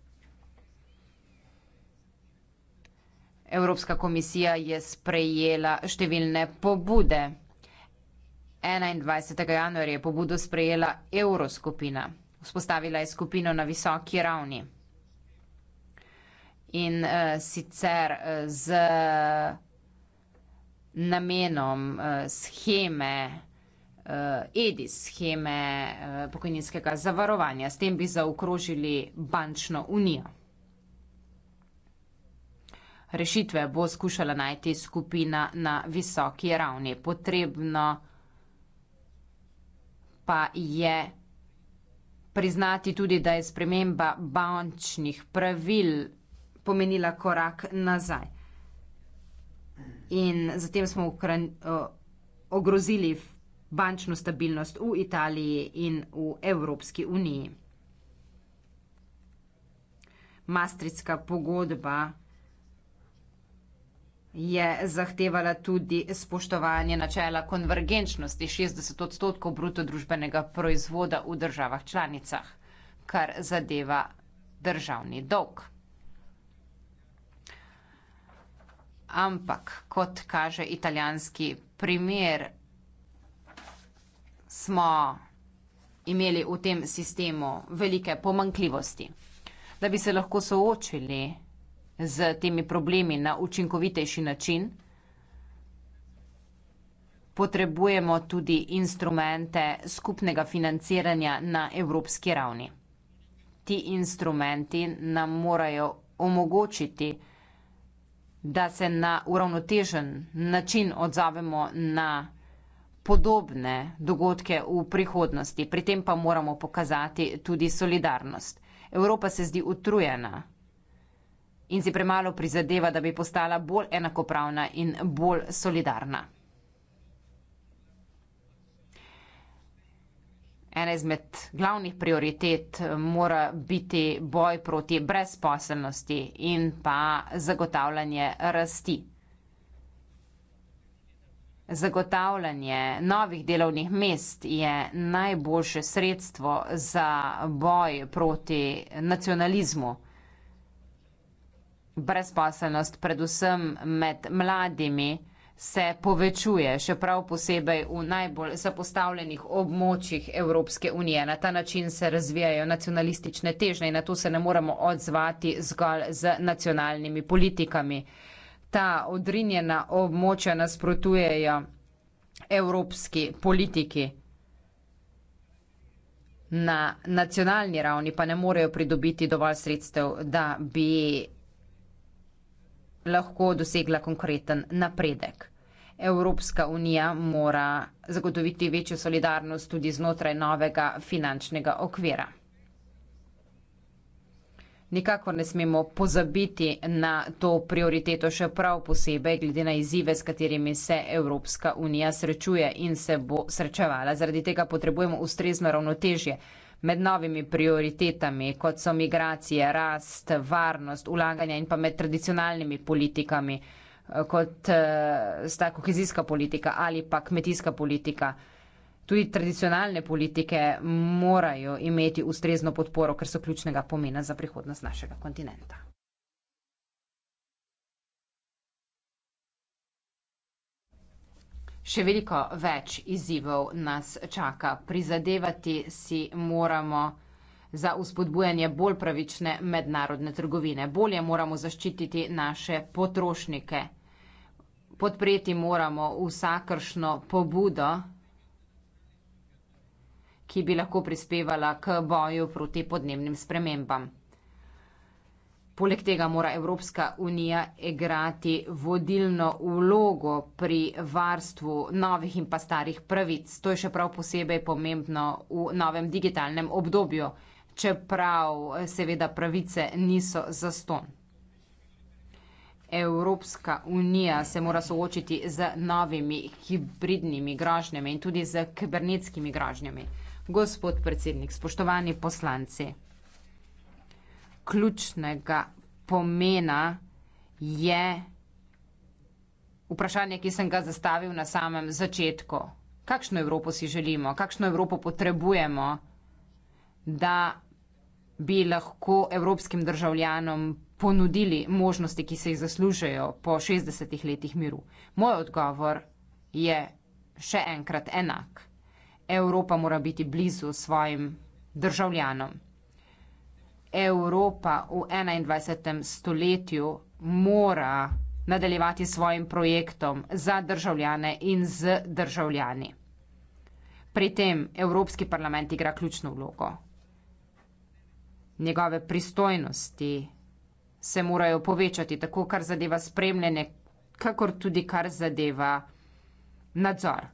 Evropska komisija je sprejela številne pobude. 21. januar je pobudo sprejela Evroskupina. Vzpostavila je skupino na visoki ravni. In uh, sicer eh, z namenom uh, scheme uh, uh, eh, edi scheme uh, pokojninskega zavarovanja. S tem bi zaokrožili bančno unijo. Rešitve bo skušala najti skupina na visoki ravni. Potrebno pa je priznati tudi, da je sprememba bančnih pravil pomenila korak nazaj. In zatem smo ukran, o, ogrozili bančno stabilnost v Italiji in v Evropski uniji. Mastritska pogodba je zahtevala tudi spoštovanje načela konvergenčnosti 60 odstotkov bruto družbenega proizvoda v državah članicah, kar zadeva državni dolg. Ampak, kot kaže italijanski primer, smo imeli v tem sistemu velike pomankljivosti. Da bi se lahko soočili z temi problemi na učinkovitejši način, potrebujemo tudi instrumente skupnega financiranja na evropski ravni. Ti instrumenti nam morajo omogočiti, da se na uravnotežen način odzovemo na podobne dogodke v prihodnosti, pri tem pa moramo pokazati tudi solidarnost. Evropa se zdi utrujena in si premalo prizadeva, da bi postala bolj enakopravna in bolj solidarna. Ena izmed glavnih prioritet eh, mora biti boj proti brezposelnosti in pa zagotavljanje rasti. Zagotavljanje novih delovnih mest je najboljše sredstvo za boj proti nacionalizmu. Brezposelnost predvsem med mladimi se povečuje, še prav posebej v najbolj zapostavljenih območjih Evropske unije. Na ta način se razvijajo nacionalistične težnje in na to se ne moremo odzvati zgolj z nacionalnimi politikami ta odrinjena območja nasprotujejo evropski politiki. Na nacionalni ravni pa ne morejo pridobiti dovolj sredstev, da bi lahko dosegla konkreten napredek. Evropska unija mora zagotoviti večjo solidarnost tudi znotraj novega finančnega okvira nikako ne smemo pozabiti na to prioriteto, še prav posebej glede na izzive, s katerimi se Evropska unija srečuje in se bo srečevala. Zaradi tega potrebujemo ustrezno ravnotežje med novimi prioritetami, kot so migracije, rast, varnost, ulaganja in pa med tradicionalnimi politikami, kot eh, sta kohezijska politika ali pa kmetijska politika tudi tradicionalne politike morajo imeti ustrezno podporo, ker so ključnega pomena za prihodnost našega kontinenta. Še veliko več izzivov nas čaka. Prizadevati si moramo za vzpodbujanje bolj pravične mednarodne trgovine. Bolje moramo zaščititi naše potrošnike. Podpreti moramo vsakršno pobudo ki bi lahko prispevala k boju proti podnebnim spremembam. Poleg tega mora Evropska unija igrati vodilno vlogo pri varstvu novih in pa starih pravic. To je še prav posebej pomembno v novem digitalnem obdobju, čeprav seveda pravice niso zaston. Evropska unija se mora soočiti z novimi hibridnimi grožnjami in tudi z kibernetskimi grožnjami. Gospod predsednik, spoštovani poslanci, ključnega pomena je vprašanje, ki sem ga zastavil na samem začetku. Kakšno Evropo si želimo, kakšno Evropo potrebujemo, da bi lahko evropskim državljanom ponudili možnosti, ki se jih zaslužijo po 60 letih miru. Moj odgovor je še enkrat enak. Evropa mora biti blizu svojim državljanom. Evropa v 21. stoletju mora nadaljevati svojim projektom za državljane in z državljani. Pri tem Evropski parlament igra ključno vlogo. Njegove pristojnosti se morajo povečati, tako kar zadeva spremljanje, kakor tudi kar zadeva nadzor.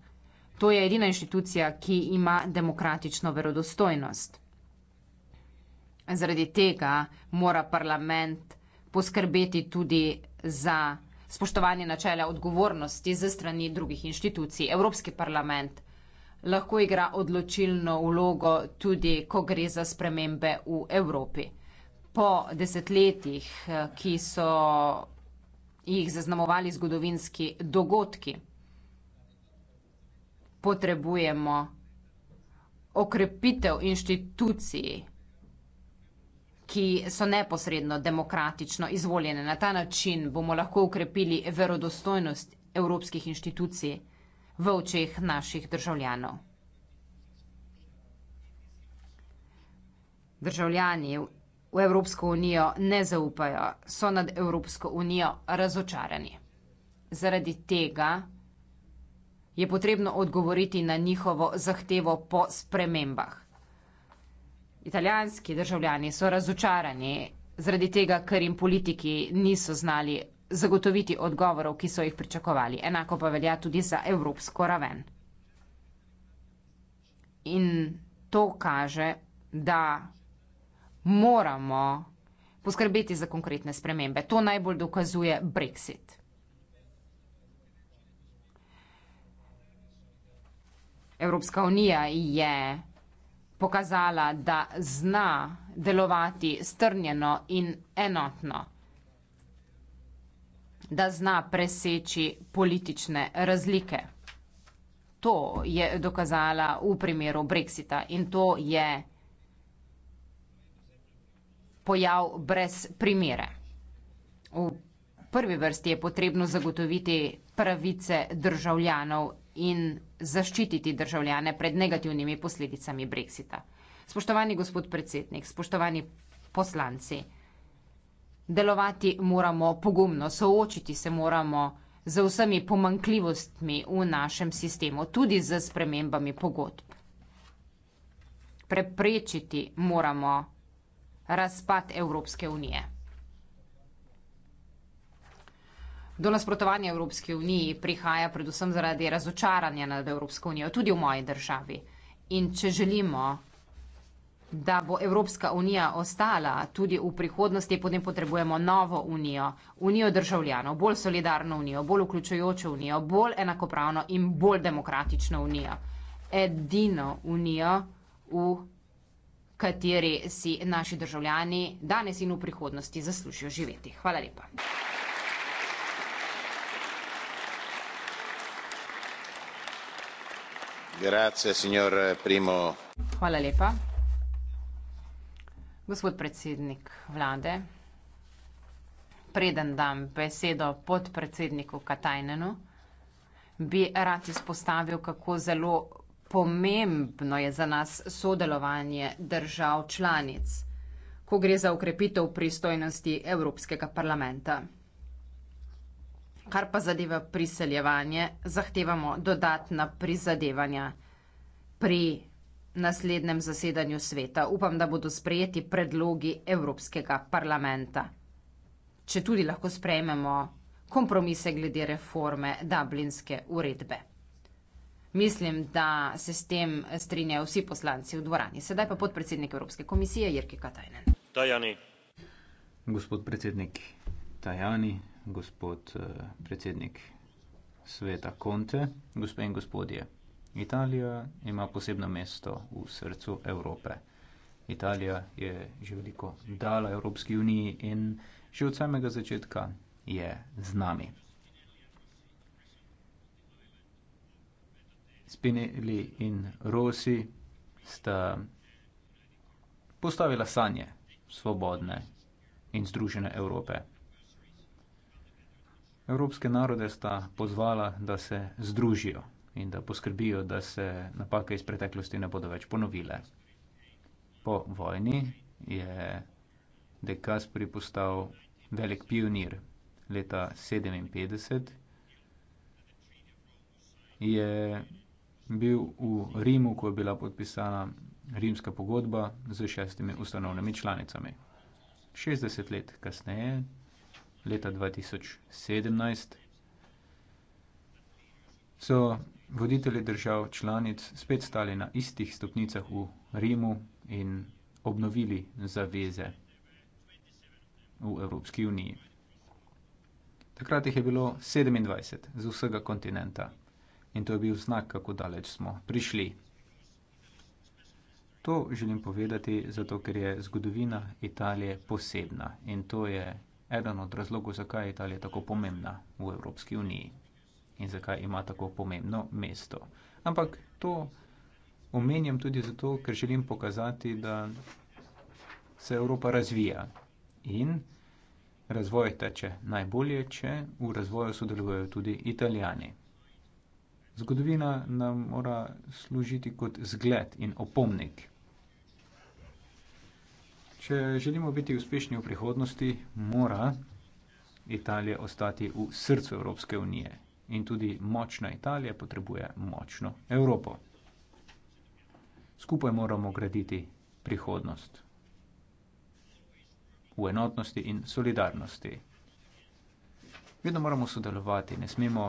To je edina inštitucija, ki ima demokratično verodostojnost. Zaradi tega mora parlament poskrbeti tudi za spoštovanje načela odgovornosti ze strani drugih inštitucij. Evropski parlament lahko igra odločilno vlogo tudi, ko gre za spremembe v Evropi. Po desetletjih, ki so jih zaznamovali zgodovinski dogodki potrebujemo okrepitev inštitucij, ki so neposredno demokratično izvoljene. Na ta način bomo lahko ukrepili verodostojnost evropskih inštitucij v očeh naših državljanov. Državljani v Evropsko unijo ne zaupajo, so nad Evropsko unijo razočarani. Zaradi tega je potrebno odgovoriti na njihovo zahtevo po spremembah. Italijanski državljani so razočarani zaradi tega, ker jim politiki niso znali zagotoviti odgovorov, ki so jih pričakovali. Enako pa velja tudi za evropsko raven. In to kaže, da moramo poskrbeti za konkretne spremembe. To najbolj dokazuje Brexit. Evropska unija je pokazala, da zna delovati strnjeno in enotno, da zna preseči politične razlike. To je dokazala v primeru Brexita in to je pojav brez primere. V prvi vrsti je potrebno zagotoviti pravice državljanov in zaščititi državljane pred negativnimi posledicami brexita. Spoštovani gospod predsednik, spoštovani poslanci, delovati moramo pogumno, soočiti se moramo z vsemi pomankljivostmi v našem sistemu, tudi z spremembami pogodb. Preprečiti moramo razpad Evropske unije. Do nasprotovanja Evropske unije prihaja predvsem zaradi razočaranja nad Evropsko unijo, tudi v moji državi. In če želimo, da bo Evropska unija ostala tudi v prihodnosti, potem potrebujemo novo unijo, unijo državljanov, bolj solidarno unijo, bolj vključujočo unijo, bolj enakopravno in bolj demokratično unijo. Edino unijo, v kateri si naši državljani danes in v prihodnosti zaslužijo živeti. Hvala lepa. hvala lepa gospod predsednik vlade preden dam besedo podpredsedniku katainenu bi rad izpostavil kako zelo pomembno je za nas sodelovanje držav članic ko gre za okrepitev pristojnosti evropskega parlamenta Kar pa zadeva priseljevanje, zahtevamo dodatna prizadevanja pri naslednjem zasedanju sveta. Upam, da bodo sprejeti predlogi Evropskega parlamenta. Če tudi lahko sprejmemo kompromise glede reforme Dublinske uredbe. Mislim, da se s tem strinjajo vsi poslanci v dvorani. Sedaj pa podpredsednik Evropske komisije Jirki Katajnen. Tajani. Gospod predsednik Tajani, gospod uh, predsednik sveta Conte, gospe in gospodje. Italija ima posebno mesto v srcu Evrope. Italija je že veliko dala Evropski uniji in že od samega začetka je z nami. Spinelli in Rosi sta postavila sanje svobodne in združene Evrope. Evropske narode sta pozvala, da se združijo in da poskrbijo, da se napake iz preteklosti ne bodo več ponovile. Po vojni je De Caspri postal velik pionir. Leta 1957 je bil v Rimu, ko je bila podpisana rimska pogodba z šestimi ustanovnimi članicami. 60 let kasneje leta 2017 so voditelji držav članic spet stali na istih stopnicah v Rimu in obnovili zaveze v Evropski uniji. Takrat jih je bilo 27 z vsega kontinenta in to je bil znak, kako daleč smo prišli. To želim povedati, zato ker je zgodovina Italije posebna in to je eden od razlogov, zakaj je Italija tako pomembna v Evropski uniji in zakaj ima tako pomembno mesto. Ampak to omenjam tudi zato, ker želim pokazati, da se Evropa razvija in razvoj teče najbolje, če v razvoju sodelujejo tudi italijani. Zgodovina nam mora služiti kot zgled in opomnik. Če želimo biti uspešni v prihodnosti, mora Italija ostati v srcu Evropske unije. In tudi močna Italija potrebuje močno Evropo. Skupaj moramo graditi prihodnost v enotnosti in solidarnosti. Vedno moramo sodelovati, ne smemo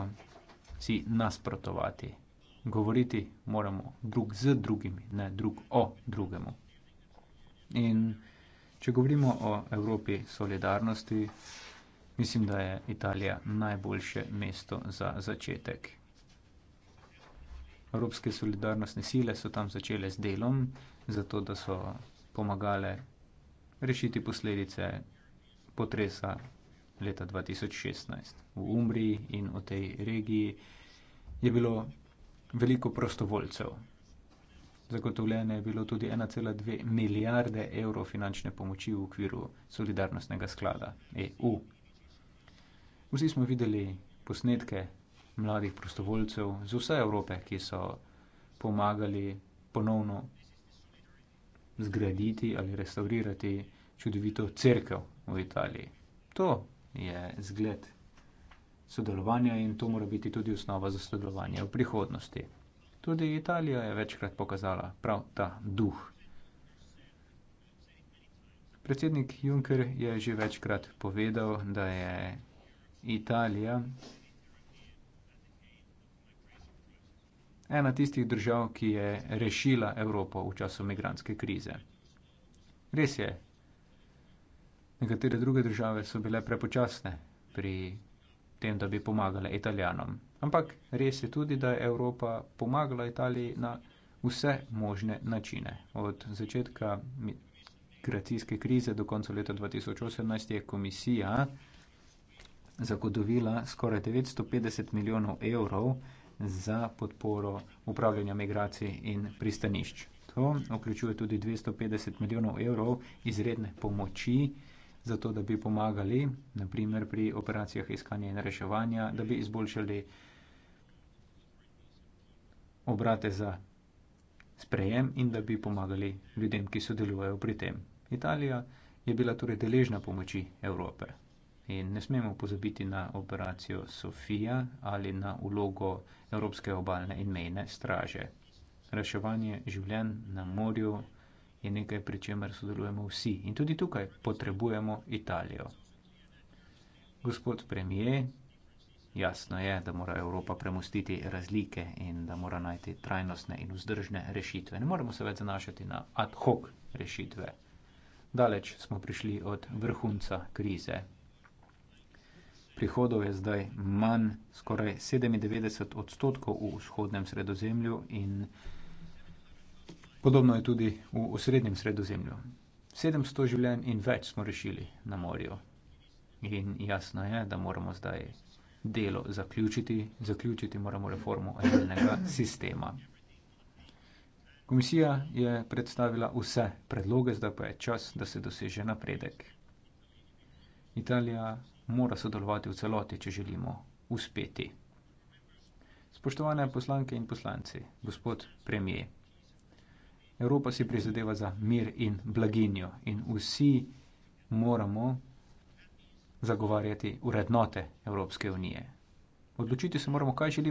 si nasprotovati. Govoriti moramo drug z drugimi, ne drug o drugemu. In Če govorimo o Evropi solidarnosti, mislim, da je Italija najboljše mesto za začetek. Evropske solidarnostne sile so tam začele z delom, zato da so pomagale rešiti posledice potresa leta 2016. V Umbriji in v tej regiji je bilo veliko prostovoljcev, Zagotovljene je bilo tudi 1,2 milijarde evrov finančne pomoči v okviru solidarnostnega sklada EU. Vsi smo videli posnetke mladih prostovoljcev z vse Evrope, ki so pomagali ponovno zgraditi ali restaurirati čudovito crkv v Italiji. To je zgled sodelovanja in to mora biti tudi osnova za sodelovanje v prihodnosti. Tudi Italija je večkrat pokazala prav ta duh. Predsednik Juncker je že večkrat povedal, da je Italija ena tistih držav, ki je rešila Evropo v času migranske krize. Res je, nekatere druge države so bile prepočasne pri tem, da bi pomagale Italijanom. Ampak res je tudi, da je Evropa pomagala Italiji na vse možne načine. Od začetka migracijske krize do konca leta 2018 je komisija zagotovila skoraj 950 milijonov evrov za podporo upravljanja migracij in pristanišč. To vključuje tudi 250 milijonov evrov izredne pomoči, zato da bi pomagali, naprimer pri operacijah iskanja in reševanja, da bi izboljšali obrate za sprejem in da bi pomagali ljudem, ki sodelujejo pri tem. Italija je bila torej deležna pomoči Evrope. In ne smemo pozabiti na operacijo Sofija ali na ulogo Evropske obalne in mejne straže. Reševanje življenj na morju je nekaj, pri čemer sodelujemo vsi in tudi tukaj potrebujemo Italijo. Gospod premijer, Jasno je, da mora Evropa premustiti razlike in da mora najti trajnostne in vzdržne rešitve. Ne moremo se več zanašati na ad hoc rešitve. Daleč smo prišli od vrhunca krize. Prihodov je zdaj manj, skoraj 97 odstotkov v vzhodnem sredozemlju in podobno je tudi v osrednjem sredozemlju. 700 življenj in več smo rešili na morju. In jasno je, da moramo zdaj delo zaključiti, zaključiti moramo reformo azilnega sistema. Komisija je predstavila vse predloge, zdaj pa je čas, da se doseže napredek. Italija mora sodelovati v celoti, če želimo uspeti. Spoštovane poslanke in poslanci, gospod premijer, Evropa si prizadeva za mir in blaginjo in vsi moramo zagovarjati urednote Evropske unije. Odločiti se moramo, kaj želimo.